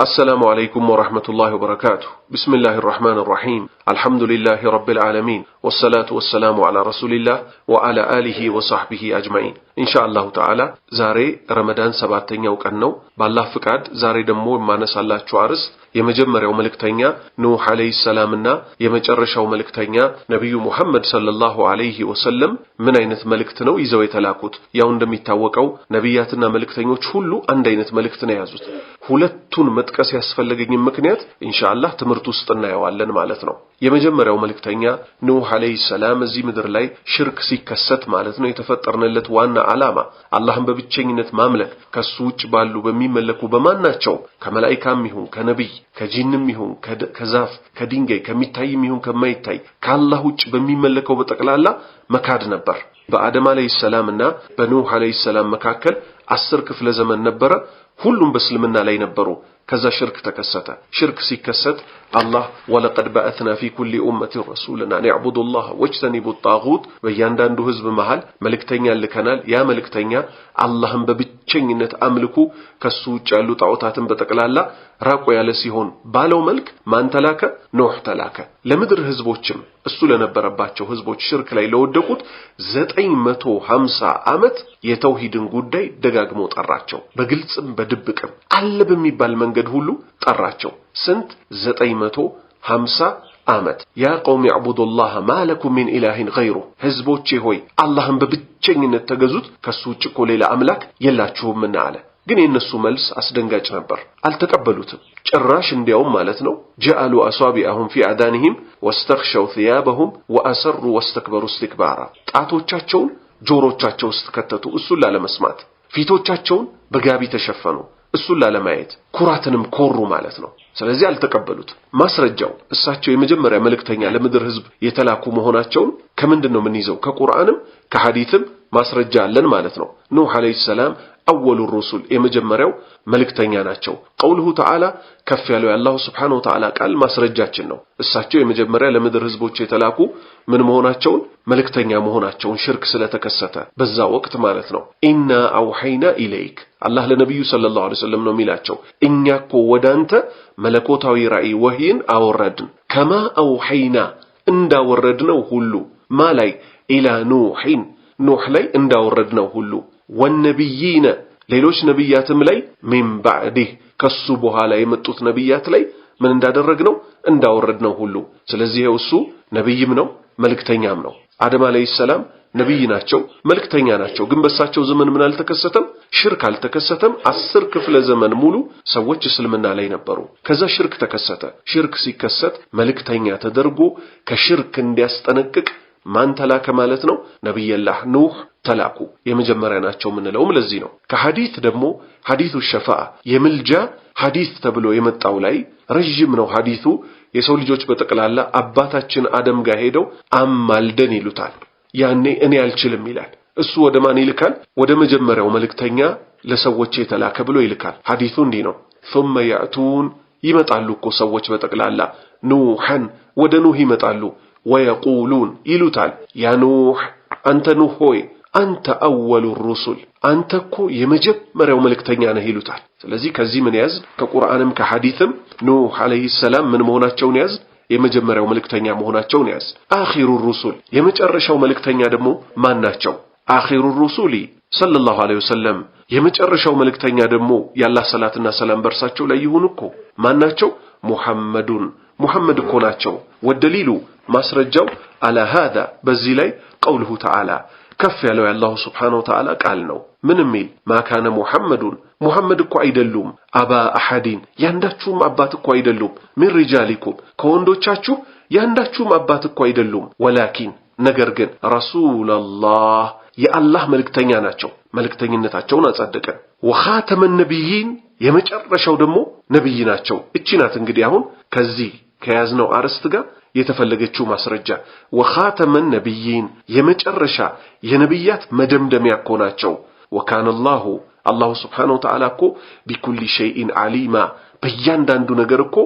السلام عليكم ورحمة الله وبركاته بسم الله الرحمن الرحيم الحمد لله رب العالمين والصلاة والسلام على رسول الله وعلى آله وصحبه أجمعين إن شاء الله تعالى زاري رمضان سبعتين يوكأنو بالله فكاد زاري دمو ما نسال الله የመጀመሪያው መልእክተኛ ኑህ አለይሂ ሰላምና የመጨረሻው መልእክተኛ ነቢዩ ሙሐመድ ሰለላሁ አለይሂ ወሰለም ምን አይነት መልእክት ነው ይዘው የተላኩት? ያው እንደሚታወቀው ነቢያትና መልእክተኞች ሁሉ አንድ አይነት መልእክት ነው የያዙት። ሁለቱን መጥቀስ ያስፈለገኝም ምክንያት ኢንሻአላህ ትምህርት ውስጥ እናየዋለን ማለት ነው። የመጀመሪያው መልእክተኛ ኑህ አለይሂ ሰላም እዚህ ምድር ላይ ሽርክ ሲከሰት ማለት ነው የተፈጠርንለት ዋና ዓላማ አላህን በብቸኝነት ማምለክ ከሱ ውጭ ባሉ በሚመለኩ በማናቸው ከመላኢካም ይሁን ከነቢይ ከጂንም ይሁን ከዛፍ ከድንጋይ ከሚታይም ይሁን ከማይታይ ከአላህ ውጭ በሚመለከው በጠቅላላ መካድ ነበር። በአደም አለይሂ ሰላምና በኑህ አለይሂ ሰላም መካከል አስር ክፍለ ዘመን ነበረ። ሁሉም በእስልምና ላይ ነበሩ። ከዛ ሽርክ ተከሰተ። ሽርክ ሲከሰት አላህ ወለቀድ በአትና ፊ ኩሊ ኡመቲን ረሱልና ኒዕቡዱላህ ወጅተኒቡ ጣጉት፣ በእያንዳንዱ ህዝብ መሃል መልእክተኛ ልከናል። ያ መልእክተኛ አላህን በብቸኝነት አምልኩ፣ ከሱ ውጭ ያሉ ጣዖታትን በጠቅላላ ራቁ ያለ ሲሆን ባለው መልክ ማን ተላከ? ኖህ ተላከ። ለምድር ህዝቦችም እሱ ለነበረባቸው ህዝቦች ሽርክ ላይ ለወደቁት ዘጠኝ መቶ ሀምሳ ዓመት የተውሂድን ጉዳይ ደጋግሞ ጠራቸው በግልጽም በድብቅም አለ በሚባል መንገድ ሁሉ ጠራቸው። ስንት ዘጠኝ መቶ ሀምሳ ዓመት ያ ቀውም ያዕቡዱላህ ማለኩም ሚን ኢላሂን ገይሩ፣ ህዝቦቼ ሆይ አላህን በብቸኝነት ተገዙት ከሱ ውጭ እኮ ሌላ አምላክ የላችሁምና አለ። ግን የእነሱ መልስ አስደንጋጭ ነበር። አልተቀበሉትም። ጭራሽ እንዲያውም ማለት ነው ጀአሉ አሷቢአሁም ፊ አዳንህም ወስተኽሸው ثያበሁም ወአሰሩ ወስተክበሩ እስትክባራ ጣቶቻቸውን ጆሮቻቸው ውስጥ ከተቱ እሱን ላለመስማት ፊቶቻቸውን በጋቢ ተሸፈኑ እሱን ላለማየት ኩራትንም ኮሩ ማለት ነው። ስለዚህ አልተቀበሉት። ማስረጃው እሳቸው የመጀመሪያ መልእክተኛ ለምድር ህዝብ የተላኩ መሆናቸውን ከምንድን ነው የምንይዘው? ከቁርአንም ከሐዲትም ማስረጃ አለን ማለት ነው። ኑህ አለይሂ ሰላም አወሉ ሩሱል የመጀመሪያው መልእክተኛ ናቸው። ቀውልሁ ተዓላ ከፍ ያለው የአላሁ ስብሓነሁ ወተዓላ ቃል ማስረጃችን ነው። እሳቸው የመጀመሪያ ለምድር ህዝቦች የተላኩ ምን መሆናቸውን መልእክተኛ መሆናቸውን ሽርክ ስለተከሰተ በዛ ወቅት ማለት ነው። ኢና አውሐይና ኢለይክ አላህ ለነቢዩ ሰለላሁ ዐለይሂ ወሰለም ነው የሚላቸው እኛ እኮ ወደ አንተ መለኮታዊ ራእይ ወህይን አወረድን ከማ አውሐይና እንዳወረድነው ሁሉ ማ ላይ ኢላ ኑሒን ኑህ ላይ እንዳወረድ ነው ሁሉ ወነቢይነ ሌሎች ነቢያትም ላይ ሚን ባዕዲህ ከሱ በኋላ የመጡት ነቢያት ላይ ምን እንዳደረግ ነው እንዳወረድ ነው ሁሉ። ስለዚህ እሱ ነቢይም ነው መልእክተኛም ነው። አደም አለይሂ ሰላም ነቢይ ናቸው፣ መልእክተኛ ናቸው። ግን በሳቸው ዘመን ምን አልተከሰተም? ሽርክ አልተከሰተም። አስር ክፍለ ዘመን ሙሉ ሰዎች እስልምና ላይ ነበሩ። ከዛ ሽርክ ተከሰተ። ሽርክ ሲከሰት መልእክተኛ ተደርጎ ከሽርክ እንዲያስጠነቅቅ ማን ተላከ ማለት ነው? ነቢየላህ ኑህ ተላኩ የመጀመሪያ ናቸው የምንለውም ለዚህ ነው። ከሐዲት ደግሞ ሐዲቱ ሸፋ የምልጃ ሐዲት ተብሎ የመጣው ላይ ረዥም ነው ሐዲቱ። የሰው ልጆች በጠቅላላ አባታችን አደም ጋር ሄደው አማልደን ይሉታል። ያኔ እኔ አልችልም ይላል። እሱ ወደ ማን ይልካል? ወደ መጀመሪያው መልእክተኛ ለሰዎች የተላከ ብሎ ይልካል። ሐዲቱ እንዲህ ነው ثم يأتون ይመጣሉ እኮ ሰዎች በጠቅላላ ኑሐን ወደ ኑህ ይመጣሉ ወየቁሉን ይሉታል፣ ያ ኑሕ አንተ ኑሕ ሆይ አንተ አወሉ ሩሱል አንተ እኮ የመጀመሪያው መልእክተኛ ነህ ይሉታል። ስለዚህ ከዚህ ምን ያዝን? ከቁርአንም ከሐዲትም ኑህ ዓለይሂ ሰላም ምን መሆናቸውን ያዝን? የመጀመሪያው መልእክተኛ መሆናቸውን ያዝ አኺሩ ሩሱል የመጨረሻው መልእክተኛ ደግሞ ማን ናቸው? አኺሩ ሩሱሊ ሰለላሁ ዐለይሂ ወሰለም የመጨረሻው መልእክተኛ ደግሞ ያላህ ሰላትና ሰላም በእርሳቸው ላይ ይሁን እኮ ማን ናቸው? ሙሐመዱን ሙሐመድ እኮ ናቸው ወደሊሉ ማስረጃው አላ ሃዛ በዚህ ላይ ቀውልሁ ተዓላ ከፍ ያለው የአላሁ ስብሓነሁ ወተዓላ ቃል ነው። ምን ሚል ማካነ ሙሐመዱን ሙሐመድ እኮ አይደሉም፣ አባ አሐዲን ያንዳችሁም አባት እኮ አይደሉም፣ ሚን ሪጃሊኩም ከወንዶቻችሁ ያንዳችሁም አባት እኮ አይደሉም፣ ወላኪን ነገር ግን ረሱላላህ የአላህ መልእክተኛ ናቸው። መልእክተኝነታቸውን አጸደቀን። ወኻተመ ነቢይን የመጨረሻው ደግሞ ነቢይ ናቸው። እቺ ናት እንግዲህ አሁን ከዚህ ከያዝነው አርዕስት ጋር የተፈለገችው ማስረጃ ወኻተመን ነቢይን የመጨረሻ የነቢያት መደምደሚያ እኮ ናቸው። ወካነላሁ አላሁ ስብሓነሁ ወተዓላ እኮ ቢኩሊ ሸይኢን ዓሊማ በእያንዳንዱ ነገር እኮ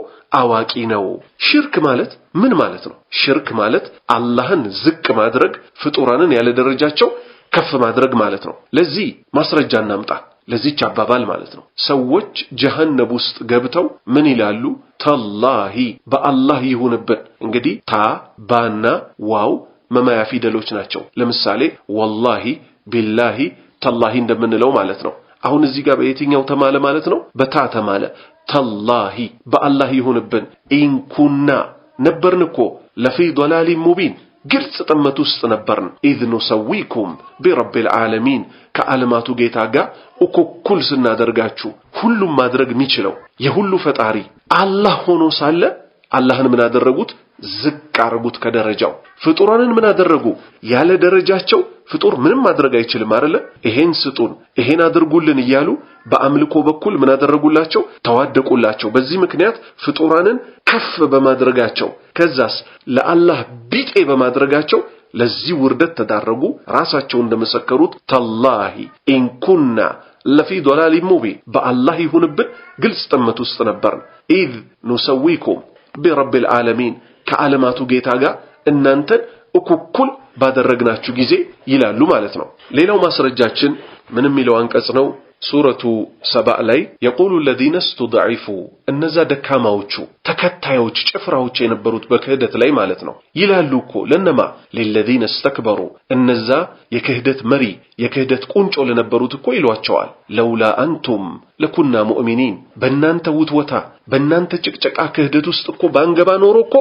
አዋቂ ነው። ሽርክ ማለት ምን ማለት ነው? ሽርክ ማለት አላህን ዝቅ ማድረግ፣ ፍጡራንን ያለ ደረጃቸው ከፍ ማድረግ ማለት ነው። ለዚህ ማስረጃ እናምጣ። ለዚች አባባል ማለት ነው። ሰዎች ጀሃነብ ውስጥ ገብተው ምን ይላሉ? ተላሂ በአላህ ይሁንብን። እንግዲህ ታ ባና ዋው መማያ ፊደሎች ናቸው። ለምሳሌ ወላሂ፣ ቢላሂ፣ ተላሂ እንደምንለው ማለት ነው። አሁን እዚህ ጋር በየትኛው ተማለ ማለት ነው? በታ ተማለ። ተላሂ በአላህ ይሁንብን ኢንኩና ነበርን እኮ ለፊ ዶላሊን ሙቢን ግልጽ ጥመት ውስጥ ነበርን። ኢዝ ኑሰዊኩም ቢረቢል ዓለሚን ከዓለማቱ ጌታ ጋር እኩል ስናደርጋችሁ ሁሉም ማድረግ የሚችለው የሁሉ ፈጣሪ አላህ ሆኖ ሳለ አላህን ምን አደረጉት? ዝቅ አረጉት ከደረጃው። ፍጡራንን ምን አደረጉ? ያለ ደረጃቸው ፍጡር ምንም ማድረግ አይችልም አይደለ? ይሄን ስጡን፣ ይሄን አድርጉልን እያሉ በአምልኮ በኩል ምን አደረጉላቸው? ተዋደቁላቸው። በዚህ ምክንያት ፍጡራንን ከፍ በማድረጋቸው ከዛስ ለአላህ ቢጤ በማድረጋቸው ለዚህ ውርደት ተዳረጉ። ራሳቸው እንደመሰከሩት ተላሂ ኢንኩና ለፊ ዶላሊ ሙቢን በአላህ ይሁንብን ግልጽ ጥመት ውስጥ ነበርን። ኢዝ ኑሰዊኩም ቢረቢል ዓለሚን ከዓለማቱ ጌታ ጋር እናንተን እኩኩል ባደረግናችሁ ጊዜ ይላሉ ማለት ነው። ሌላው ማስረጃችን ምን የሚለው አንቀጽ ነው? ሱረቱ ሰባ ላይ የቁሉ ለዚነ ስቱድዒፉ እነዛ ደካማዎቹ ተከታዮች ጭፍራዎች የነበሩት በክህደት ላይ ማለት ነው። ይላሉ እኮ ለነማ ሊለዚነ ስተክበሩ እነዛ የክህደት መሪ የክህደት ቁንጮ ለነበሩት እኮ ይሏቸዋል። ለውላ አንቱም ለኩና ሙእሚኒን በእናንተ ውትወታ በእናንተ ጭቅጨቃ ክህደት ውስጥ እኮ ባንገባ ኖሮ እኮ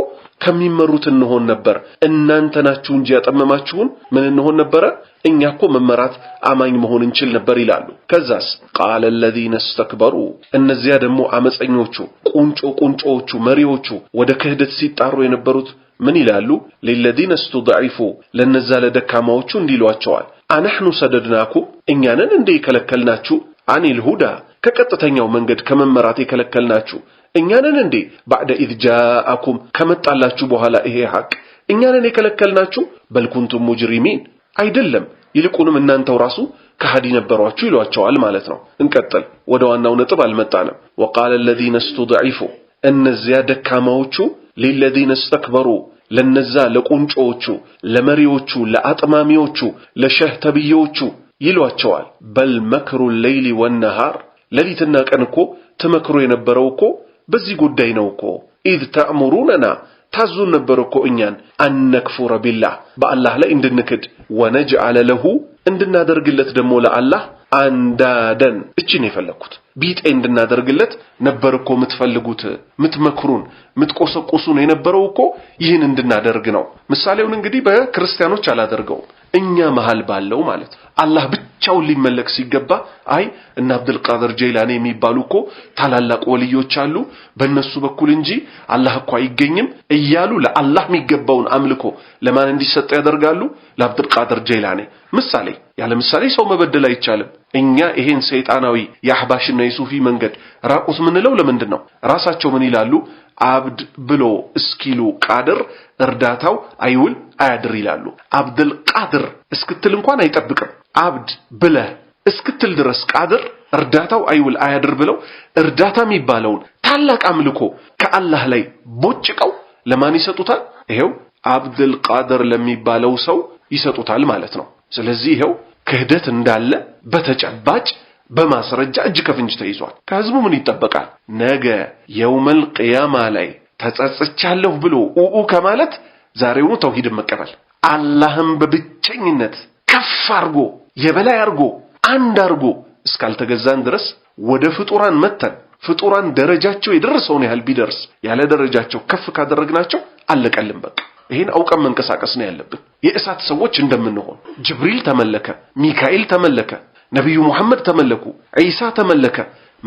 ከሚመሩት እንሆን ነበር። እናንተ ናችሁ እንጂ ያጠመማችሁን ምን እንሆን ነበረ? እኛ እኮ መመራት አማኝ መሆን እንችል ነበር ይላሉ። ከዛስ ቃለ ለዚነ እስተክበሩ እነዚያ ደግሞ አመፀኞቹ ቁንጮ ቁንጮዎቹ መሪዎቹ ወደ ክህደት ሲጣሩ የነበሩት ምን ይላሉ? ሊለዚነ እስቱድዒፉ ለነዛ ለደካማዎቹ እንዲሏቸዋል አነሕኑ ሰደድናኩም እኛንን እንደ የከለከልናችሁ አኒል ሁዳ ከቀጥተኛው መንገድ ከመመራት የከለከልናችሁ እኛንን እንዴ ባዕደ ኢዝ ጃአኩም ከመጣላችሁ በኋላ ይሄ ሐቅ እኛንን የከለከልናችሁ? በልኩንቱም ሙጅሪሚን አይደለም፣ ይልቁንም እናንተው ራሱ ከሃዲ ነበሯችሁ ይሏቸዋል ማለት ነው። እንቀጥል። ወደ ዋናው ነጥብ አልመጣንም። ወቃለ ለዚነ ስቱድዒፉ እነዚያ ደካማዎቹ ሊለዚነ ስተክበሩ ለነዛ ለቁንጮዎቹ፣ ለመሪዎቹ፣ ለአጥማሚዎቹ፣ ለሸህ ተብዬዎቹ ይሏቸዋል። በል መክሩ ሌይሊ ወነሃር ሌሊትና ቀን እኮ ትመክሩ የነበረው እኮ በዚህ ጉዳይ ነው እኮ ኢድ ተእሙሩነና ታዙን ነበር እኮ እኛን አነክፉረ ቢላህ በአላህ ላይ እንድንክድ ወነጅዐለ ለሁ እንድናደርግለት ደግሞ ለአላህ አንዳደን እችን የፈለግኩት ቢጤ እንድናደርግለት ነበር እኮ የምትፈልጉት፣ ምትመክሩን፣ ምትቆሰቁሱን የነበረው እኮ ይህን እንድናደርግ ነው። ምሳሌውን እንግዲህ በክርስቲያኖች አላደርገውም። እኛ መሃል ባለው ማለት አላህ ብቻውን ሊመለክ ሲገባ አይ እና አብዱል ቃድር ጀይላኒ የሚባሉ እኮ ታላላቅ ወልዮች አሉ በእነሱ በኩል እንጂ አላህ እኮ አይገኝም እያሉ ለአላህ የሚገባውን አምልኮ ለማን እንዲሰጥ ያደርጋሉ? ለአብዱል ቃድር ጀይላኒ። ምሳሌ ያለ ምሳሌ ሰው መበደል አይቻልም። እኛ ይሄን ሰይጣናዊ የአህባሽና የሱፊ መንገድ ራቁት ምንለው ለምንድን ነው? ራሳቸው ምን ይላሉ? አብድ ብሎ እስኪሉ ቃድር እርዳታው አይውል አያድር ይላሉ። አብደል ቃድር እስክትል እንኳን አይጠብቅም። አብድ ብለህ እስክትል ድረስ ቃድር እርዳታው አይውል አያድር ብለው እርዳታ የሚባለውን ታላቅ አምልኮ ከአላህ ላይ ቦጭቀው ለማን ይሰጡታል? ይሄው አብድል ቃድር ለሚባለው ሰው ይሰጡታል ማለት ነው። ስለዚህ ይሄው ክህደት እንዳለ በተጨባጭ በማስረጃ እጅ ከፍንጅ ተይዟል። ከህዝቡ ምን ይጠበቃል? ነገ የውመል ቅያማ ላይ ተጸጽቻለሁ ብሎ ኡኡ ከማለት ዛሬውኑ ተውሂድን መቀበል አላህም በብቸኝነት ከፍ አርጎ የበላይ አርጎ አንድ አርጎ እስካልተገዛን ድረስ ወደ ፍጡራን መተን ፍጡራን ደረጃቸው የደረሰውን ያህል ቢደርስ ያለ ደረጃቸው ከፍ ካደረግናቸው አለቀልን በቃ። ይህን አውቀን መንቀሳቀስ ነው ያለብን። የእሳት ሰዎች እንደምንሆን ጅብሪል ተመለከ፣ ሚካኤል ተመለከ፣ ነቢዩ ሙሐመድ ተመለኩ፣ ዒሳ ተመለከ፣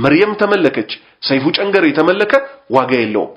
መርየም ተመለከች፣ ሰይፉ ጨንገሬ ተመለከ። ዋጋ የለውም።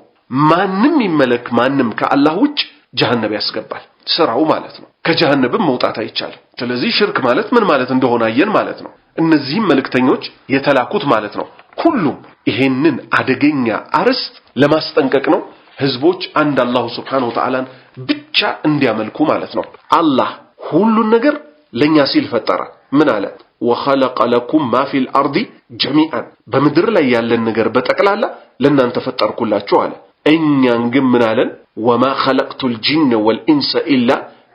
ማንም ይመለክ ማንም ከአላህ ውጭ ጀሃነብ ያስገባል ስራው ማለት ነው። ከጀሃነብም መውጣት አይቻልም። ስለዚህ ሽርክ ማለት ምን ማለት እንደሆነ አየን ማለት ነው። እነዚህም መልእክተኞች የተላኩት ማለት ነው። ሁሉም ይሄንን አደገኛ አርዕስት ለማስጠንቀቅ ነው። ህዝቦች አንድ አላሁ ሱብሓነሁ ወተዓላን ብቻ እንዲያመልኩ ማለት ነው። አላህ ሁሉን ነገር ለኛ ሲል ፈጠረ። ምን አለ? ወኸለቀ ለኩም ማ ፊል አርዲ ጀሚአን በምድር ላይ ያለን ነገር በጠቅላላ ለእናንተ ፈጠርኩላችሁ አለ። እኛን ግን ምን አለን? ወማ ኸለቅቱል ጂነ ወልኢንሰ ኢላ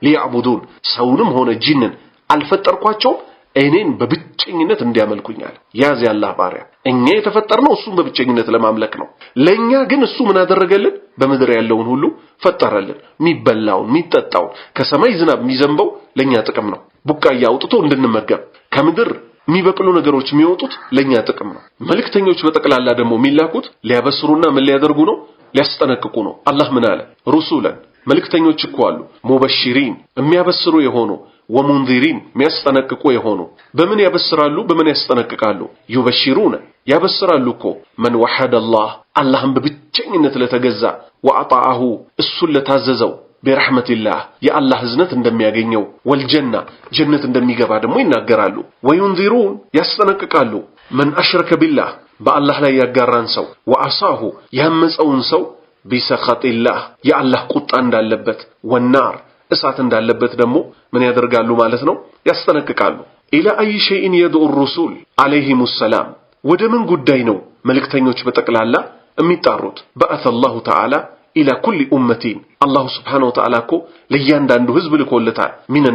ሊያዕቡዱን ሰውንም ሆነ ጂንን አልፈጠርኳቸውም እኔን በብቸኝነት እንዲያመልኩኝ አለ። ያዝ ያላህ ባሪያ እኛ የተፈጠርነው እሱን በብቸኝነት ለማምለክ ነው። ለእኛ ግን እሱ ምን አደረገልን? በምድር ያለውን ሁሉ ፈጠረልን። የሚበላውን፣ የሚጠጣውን ከሰማይ ዝናብ የሚዘንበው ለእኛ ጥቅም ነው። ቡቃያ አውጥቶ እንድንመገብ ከምድር የሚበቅሉ ነገሮች የሚወጡት ለኛ ጥቅም ነው። መልእክተኞች በጠቅላላ ደግሞ የሚላኩት ሊያበስሩና ምን ሊያደርጉ ነው? ሊያስጠነቅቁ ነው። አላህ ምን አለ? ሩሱለን መልእክተኞች እኮ አሉ። ሙበሽሪን የሚያበስሩ የሆኑ ወሙንዚሪን የሚያስጠነቅቁ የሆኑ በምን ያበስራሉ? በምን ያስጠነቅቃሉ? ዩበሽሩነ ያበስራሉ እኮ መን ወሐደ አላህ አላህን በብቸኝነት ለተገዛ ወአጣአሁ እሱን ለታዘዘው ቢረሕመቲላህ የአላህ እዝነት እንደሚያገኘው ወልጀና ጀነት እንደሚገባ ደግሞ ይናገራሉ። ወዩንዚሩን ያስጠነቅቃሉ። መን አሽረከ ቢላህ በአላህ ላይ ያጋራን ሰው ወአሳሁ ያመፀውን ሰው ቢሰኸጢላህ የአላህ ቁጣ እንዳለበት ወናር እሳት እንዳለበት ደግሞ ምን ያደርጋሉ ማለት ነው ያስጠነቅቃሉ። ኢላ አይ ሸይን የድዑ ሩሱል ዓለይሂሙ ሰላም ወደ ምን ጉዳይ ነው መልእክተኞች በጠቅላላ የሚጣሩት? በአተ አላሁ ተዓላ ኢላ ኩሊ ኡመቲን አላሁ ስብሓነሁ ወተዓላ እኮ ለእያንዳንዱ ህዝብ ልኮልታል ሚን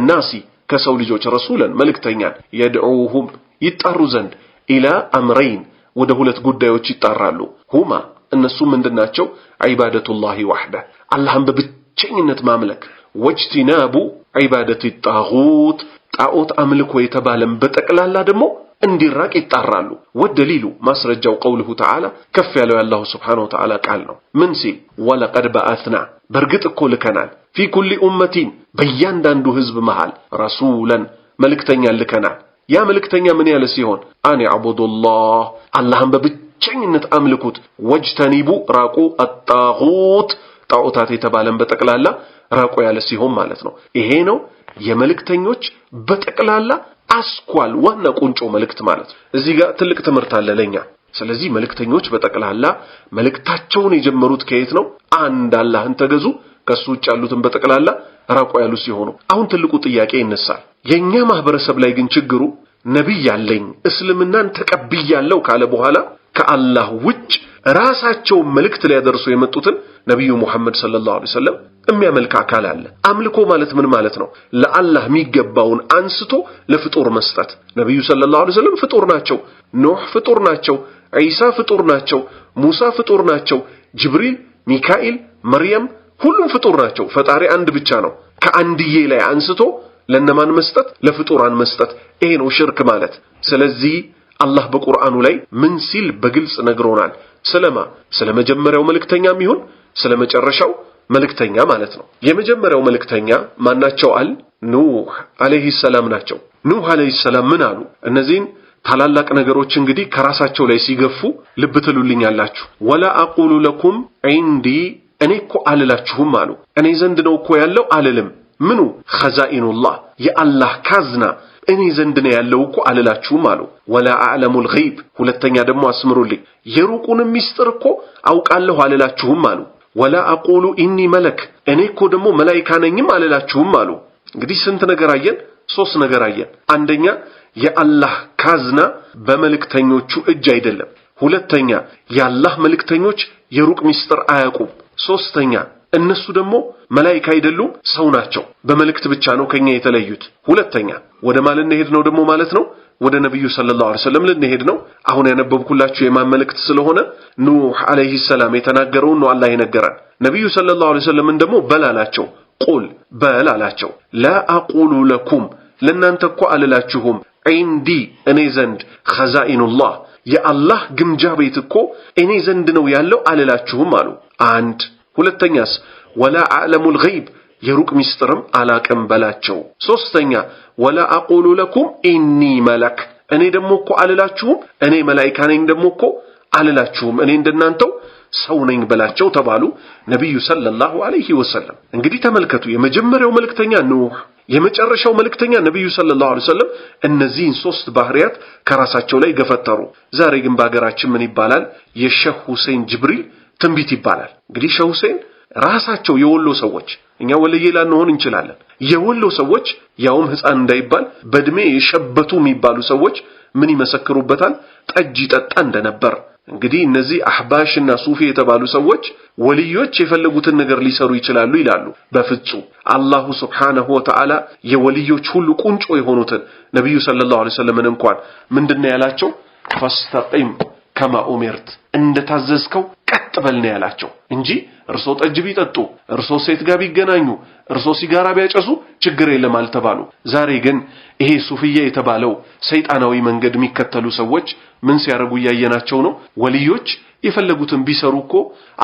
ከሰው ልጆች ረሱለን መልእክተኛን የድዑሁም ይጣሩ ዘንድ ኢላ አምረይን ወደ ሁለት ጉዳዮች ይጣራሉ። ሁማ እነሱ ምንድናቸው? ዒባደቱላሂ ዋሕደ አላህን በብቸኝነት ማምለክ ወጅቲናቡ ዒባደት ጣጉት ጣዖት አምልኮ የተባለም በጠቅላላ ደግሞ እንዲራቅ ይጣራሉ። ወደ ሊሉ ማስረጃው ቀውልሁ ተዓላ ከፍ ያለው የአላሁ ስብሓነሁ ወተዓላ ቃል ነው። ምን ሲል ወለቀድ በአትና በእርግጥ እኮ ልከናል ፊ ኩሊ ኡመቲን በእያንዳንዱ ህዝብ መሃል ረሱለን መልእክተኛ ልከናል። ያ መልእክተኛ ምን ያለ ሲሆን አን ያዕቡዱላህ አላህን በብቸኝነት አምልኩት፣ ወጅተኒቡ ራቁ አጣሁት ጣዖታት የተባለን በጠቅላላ ራቁ ያለ ሲሆን ማለት ነው። ይሄ ነው የመልእክተኞች በጠቅላላ አስኳል ዋና ቁንጮ መልእክት ማለት ነው። እዚህ ጋር ትልቅ ትምህርት አለ ለኛ። ስለዚህ መልእክተኞች በጠቅላላ መልእክታቸውን የጀመሩት ከየት ነው? አንድ አላህን ተገዙ፣ ከሱ ውጭ ያሉትን በጠቅላላ ራቁ ያሉ ሲሆኑ፣ አሁን ትልቁ ጥያቄ ይነሳል። የኛ ማህበረሰብ ላይ ግን ችግሩ ነቢይ ያለኝ እስልምናን ተቀብያለሁ ካለ በኋላ ከአላህ ውጭ ራሳቸውን መልእክት ሊያደርሱ የመጡትን ነቢዩ ሙሐመድ ሰለላሁ ዐለይሂ ወሰለም የሚያመልክ አካል አለ። አምልኮ ማለት ምን ማለት ነው? ለአላህ የሚገባውን አንስቶ ለፍጡር መስጠት። ነቢዩ ሰለላሁ ዐለይሂ ወሰለም ፍጡር ናቸው። ኖህ ፍጡር ናቸው። ዒሳ ፍጡር ናቸው። ሙሳ ፍጡር ናቸው። ጅብሪል፣ ሚካኤል፣ መርየም ሁሉም ፍጡር ናቸው። ፈጣሪ አንድ ብቻ ነው። ከአንድዬ ላይ አንስቶ ለነማን መስጠት? ለፍጡራን መስጠት። ይሄ ነው ሽርክ ማለት። ስለዚህ አላህ በቁርአኑ ላይ ምን ሲል በግልጽ ነግሮናል። ስለማ ስለ መጀመሪያው መልእክተኛም ይሁን ስለ መጨረሻው መልእክተኛ ማለት ነው። የመጀመሪያው መልእክተኛ ማናቸው? አል ኑህ አለይሂ ሰላም ናቸው። ኑህ አለይሂ ሰላም ምን አሉ? እነዚህን ታላላቅ ነገሮች እንግዲህ ከራሳቸው ላይ ሲገፉ ልብ ትሉልኛላችሁ። ወላ አቁሉ ለኩም ዒንዲ እኔ እኮ አልላችሁም አሉ። እኔ ዘንድ ነው እኮ ያለው አልልም። ምኑ ኸዛኢኑላህ የአላህ ካዝና እኔ ዘንድ ነው ያለው እኮ አልላችሁም አሉ ወላ አዕለሙል ገይብ ሁለተኛ ደግሞ አስምሩልኝ፣ የሩቁን ሚስጥር እኮ አውቃለሁ አልላችሁም አሉ። ወላ አቁሉ ኢኒ መለክ እኔ እኮ ደግሞ መላይካ ነኝም አልላችሁም አሉ። እንግዲህ ስንት ነገር አየን፣ ሶስት ነገር አየን። አንደኛ የአላህ ካዝና በመልእክተኞቹ እጅ አይደለም። ሁለተኛ የአላህ መልእክተኞች የሩቅ ሚስጥር አያውቁም። ሶስተኛ እነሱ ደግሞ መላይክ አይደሉም፣ ሰው ናቸው። በመልእክት ብቻ ነው ከኛ የተለዩት። ሁለተኛ ወደ ማን ልንሄድ ነው ደግሞ ማለት ነው? ወደ ነቢዩ ሰለላሁ ዐለይሂ ወሰለም ልንሄድ ነው። አሁን ያነበብኩላችሁ የማን መልእክት ስለሆነ ኑህ ዐለይሂ ሰላም የተናገረውን ነው አላህ ይነገራል። ነቢዩ ሰለላሁ ዐለይሂ ወሰለምን ደግሞ በል አላቸው። ቁል በል አላቸው። ለአቁሉ ለኩም ለእናንተ እኮ አልላችሁም ዒንዲ እኔ ዘንድ ኸዛኢኑላህ የአላህ ግምጃ ቤት እኮ እኔ ዘንድ ነው ያለው አልላችሁም አሉ አንድ ሁለተኛስ ወላ አዕለሙል ገይብ የሩቅ ምስጢርም አላቅም በላቸው። ሶስተኛ ወላ አቁሉ ለኩም ኢኒ መለክ እኔ ደግሞ እኮ አልላችሁም እኔ መላይካ ነኝ ደግሞ እኮ አልላችሁም እኔ እንደናንተው ሰው ነኝ በላቸው ተባሉ ነቢዩ ሰለላሁ ዐለይሂ ወሰለም። እንግዲህ ተመልከቱ የመጀመሪያው መልእክተኛ ኑህ፣ የመጨረሻው መልእክተኛ ነቢዩ ሰለላሁ ዐለይሂ ወሰለም እነዚህን ሶስት ባህሪያት ከራሳቸው ላይ ገፈተሩ። ዛሬ ግን በሀገራችን ምን ይባላል የሸህ ሁሴን ጅብሪል ትንቢት ይባላል። እንግዲህ ሸህ ሁሴን ራሳቸው የወሎ ሰዎች እኛ ወለዬ ላንሆን እንችላለን። የወሎ ሰዎች ያውም ህፃን እንዳይባል በእድሜ የሸበቱ የሚባሉ ሰዎች ምን ይመሰክሩበታል? ጠጅ ይጠጣ እንደነበር። እንግዲህ እነዚህ አህባሽና ሱፊ የተባሉ ሰዎች ወልዮች የፈለጉትን ነገር ሊሰሩ ይችላሉ ይላሉ። በፍጹም አላሁ ስብሓነሁ ወተዓላ የወልዮች ሁሉ ቁንጮ የሆኑትን ነቢዩ ሰለላሁ ዐለይሂ ወሰለምን እንኳን ምንድን ነው ያላቸው? ፈስተቂም ከማ ኡሚርት እንደታዘዝከው ቀጥ በል ነው ያላቸው እንጂ እርሶ ጠጅ ቢጠጡ፣ እርሶ ሴት ጋር ቢገናኙ፣ እርሶ ሲጋራ ቢያጨሱ ችግር የለም አልተባሉ። ዛሬ ግን ይሄ ሱፍያ የተባለው ሰይጣናዊ መንገድ የሚከተሉ ሰዎች ምን ሲያደርጉ እያየናቸው ነው? ወልዮች የፈለጉትን ቢሰሩ እኮ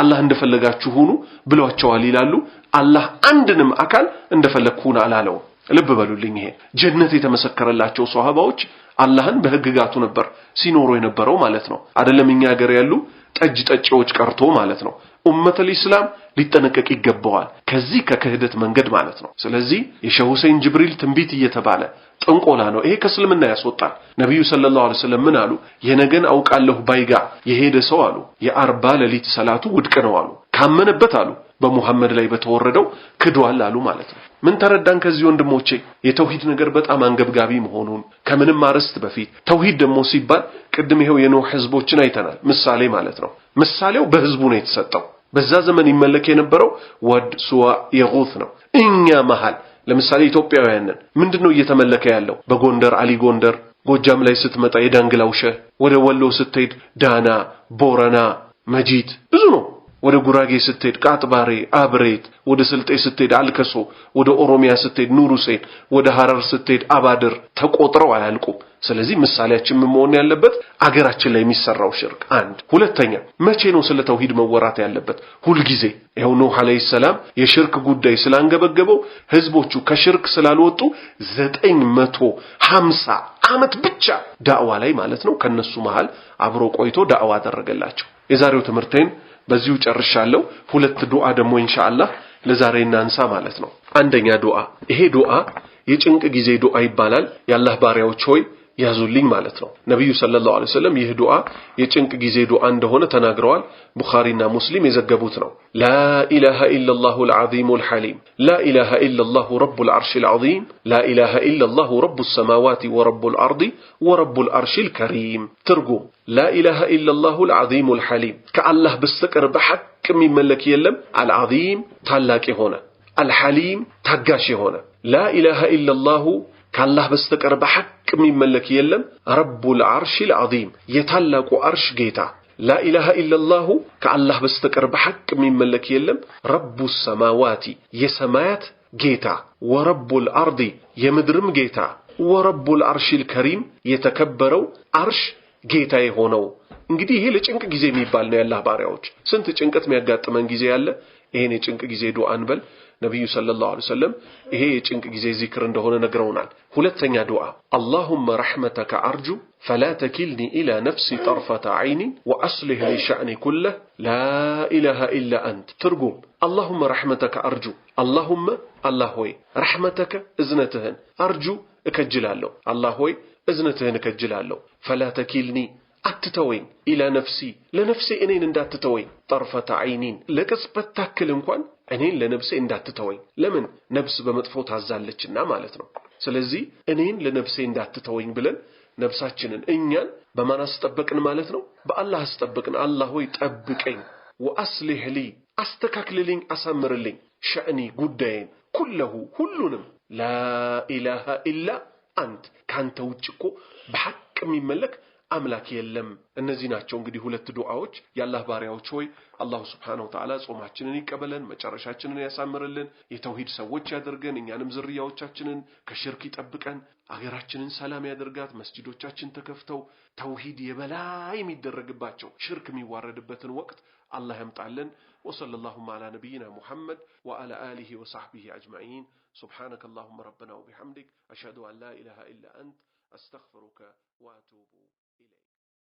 አላህ እንደፈለጋችሁ ሁኑ ብሏቸዋል ይላሉ። አላህ አንድንም አካል እንደፈለግህ ሁን አላለውም። ልብ በሉልኝ። ይሄ ጀነት የተመሰከረላቸው ሷሃባዎች አላህን በህግጋቱ ነበር ሲኖሩ የነበረው ማለት ነው። አይደለም እኛ ሀገር ያሉ ጠጅ ጠጪዎች ቀርቶ ማለት ነው። ኡመተል ኢስላም ሊጠነቀቅ ይገባዋል ከዚህ ከክህደት መንገድ ማለት ነው። ስለዚህ የሸህ ሁሴን ጅብሪል ትንቢት እየተባለ ጥንቆላ ነው። ይሄ ከእስልምና ያስወጣል። ነቢዩ ሰለላሁ ዐለይሂ ወሰለም ምን አሉ? የነገን አውቃለሁ ባይጋ የሄደ ሰው አሉ የአርባ ሌሊት ሰላቱ ውድቅ ነው አሉ ካመነበት አሉ በሙሐመድ ላይ በተወረደው ክዷል አሉ ማለት ነው። ምን ተረዳን ከዚህ ወንድሞቼ? የተውሂድ ነገር በጣም አንገብጋቢ መሆኑን ከምንም አርዕስት በፊት ተውሂድ ደግሞ ሲባል ቅድም ይሄው የኖህ ህዝቦችን አይተናል። ምሳሌ ማለት ነው። ምሳሌው በህዝቡ ነው የተሰጠው። በዛ ዘመን ይመለክ የነበረው ወድ፣ ሱዋ፣ የጉት ነው። እኛ መሃል ለምሳሌ ኢትዮጵያውያንን ምንድነው እየተመለከ ያለው? በጎንደር አሊ ጎንደር፣ ጎጃም ላይ ስትመጣ የዳንግላው ሸህ፣ ወደ ወሎ ስትሄድ ዳና፣ ቦረና፣ መጂት ብዙ ነው። ወደ ጉራጌ ስትሄድ ቃጥባሬ፣ አብሬት፣ ወደ ስልጤ ስትሄድ አልከሶ፣ ወደ ኦሮሚያ ስትሄድ ኑር ሁሴን፣ ወደ ሐረር ስትሄድ አባድር ተቆጥረው አያልቁም። ስለዚህ ምሳሌያችን ምን መሆን ያለበት አገራችን ላይ የሚሰራው ሽርክ አንድ። ሁለተኛ መቼ ነው ስለ ተውሂድ መወራት ያለበት? ሁልጊዜ ይኸው ኑህ አለይሂ ሰላም የሽርክ ጉዳይ ስላንገበገበው ህዝቦቹ ከሽርክ ስላልወጡ ዘጠኝ መቶ ሀምሳ ዓመት ብቻ ዳዕዋ ላይ ማለት ነው ከነሱ መሃል አብሮ ቆይቶ ዳዕዋ አደረገላቸው። የዛሬው ትምህርቴን በዚሁ ጨርሻለሁ። ሁለት ዱዓ ደግሞ ኢንሻአላህ ለዛሬ እናንሳ ማለት ነው። አንደኛ ዱዓ፣ ይሄ ዱዓ የጭንቅ ጊዜ ዱዓ ይባላል። የአላህ ባሪያዎች ሆይ يهزولين مالتنو نبي صلى الله عليه وسلم يه دعاء يتنك جزي دعاء دهونا تناغروال بخاري مسلم يزقبوتنو لا إله إلا الله العظيم الحليم لا إله إلا الله رب العرش العظيم لا إله إلا الله رب السماوات ورب الأرض ورب العرش الكريم ترجو لا إله إلا الله العظيم الحليم كالله بستقر بحق من ملك يلم العظيم تلاكي هنا الحليم تقاشي هنا لا إله إلا الله ካላህ በስተቀር በሐቅ የሚመለክ የለም። ረቡል አርሽል ዐዚም የታላቁ አርሽ ጌታ ላኢላሃ ኢለላሁ ከአላህ በስተቀር በሐቅ የሚመለክ የለም። ረቡ ሰማዋቲ የሰማያት ጌታ ወረቡል አርዲ የምድርም ጌታ ወረቡል አርሽል ከሪም የተከበረው አርሽ ጌታ የሆነው እንግዲህ ይሄ ለጭንቅ ጊዜ የሚባል ነው። ያላህ ባሪያዎች ስንት ጭንቀት የሚያጋጥመን ጊዜ ያለ፣ ይሄን የጭንቅ ጊዜ ዱዓ እንበል። ነቢዩ ሰለላሁ ዐለይሂ ወሰለም ይሄ የጭንቅ ጊዜ ዚክር እንደሆነ ነግረውናል። ሁለተኛ ዱዓ አላሁመ ረሕመተከ አርጁ ፈላ ተኪልኒ ኢላ ነፍሲ ጠርፈተ ዐይኒን ወአስሊህ ሊ ሸዕኒ ኩለህ ላ ኢላሃ ኢላ አንት። ትርጉም አላሁመ ረሕመተከ አርጁ፣ አላሁመ አላህ ሆይ ረሕመተከ እዝነትህን፣ አርጁ እከጅላለሁ፣ አላህ ሆይ እዝነትህን እከጅላለሁ። ፈላ ተኪልኒ አትተወኝ ኢላ ነፍሲ ለነፍሴ እኔን እንዳትተወኝ ጠርፈተ ዐይኒን ለቅጽበት ታክል እንኳን እኔን ለነብሴ እንዳትተወኝ። ለምን ነብስ በመጥፎ ታዛለችና ማለት ነው። ስለዚህ እኔን ለነብሴ እንዳትተወኝ ብለን ነፍሳችንን እኛን በማን አስጠበቅን ማለት ነው? በአላህ አስጠበቅን። አላህ ሆይ ጠብቀኝ፣ ወአስሊህ ሊ አስተካክልልኝ፣ አሳምርልኝ፣ ሸእኒ ጉዳይን ኩለሁ ሁሉንም ላኢላሃ ኢላ አንት ከአንተ ውጭ እኮ በሐቅ የሚመለክ አምላክ የለም። እነዚህ ናቸው እንግዲህ ሁለት ዱዓዎች የአላህ ባሪያዎች ሆይ አላሁ ስብሓነሁ ወተዓላ ጾማችንን ይቀበለን፣ መጨረሻችንን ያሳምርልን፣ የተውሂድ ሰዎች ያደርገን፣ እኛንም ዝርያዎቻችንን ከሽርክ ይጠብቀን፣ አገራችንን ሰላም ያደርጋት፣ መስጂዶቻችን ተከፍተው ተውሂድ የበላይ የሚደረግባቸው ሽርክ የሚዋረድበትን ወቅት አላህ ያምጣልን። وصلى اللهم على نبينا محمد وعلى آله وصحبه أجمعين سبحانك اللهم ربنا وبحمدك أشهد أن لا إله إلا أنت أستغفرك وأتوب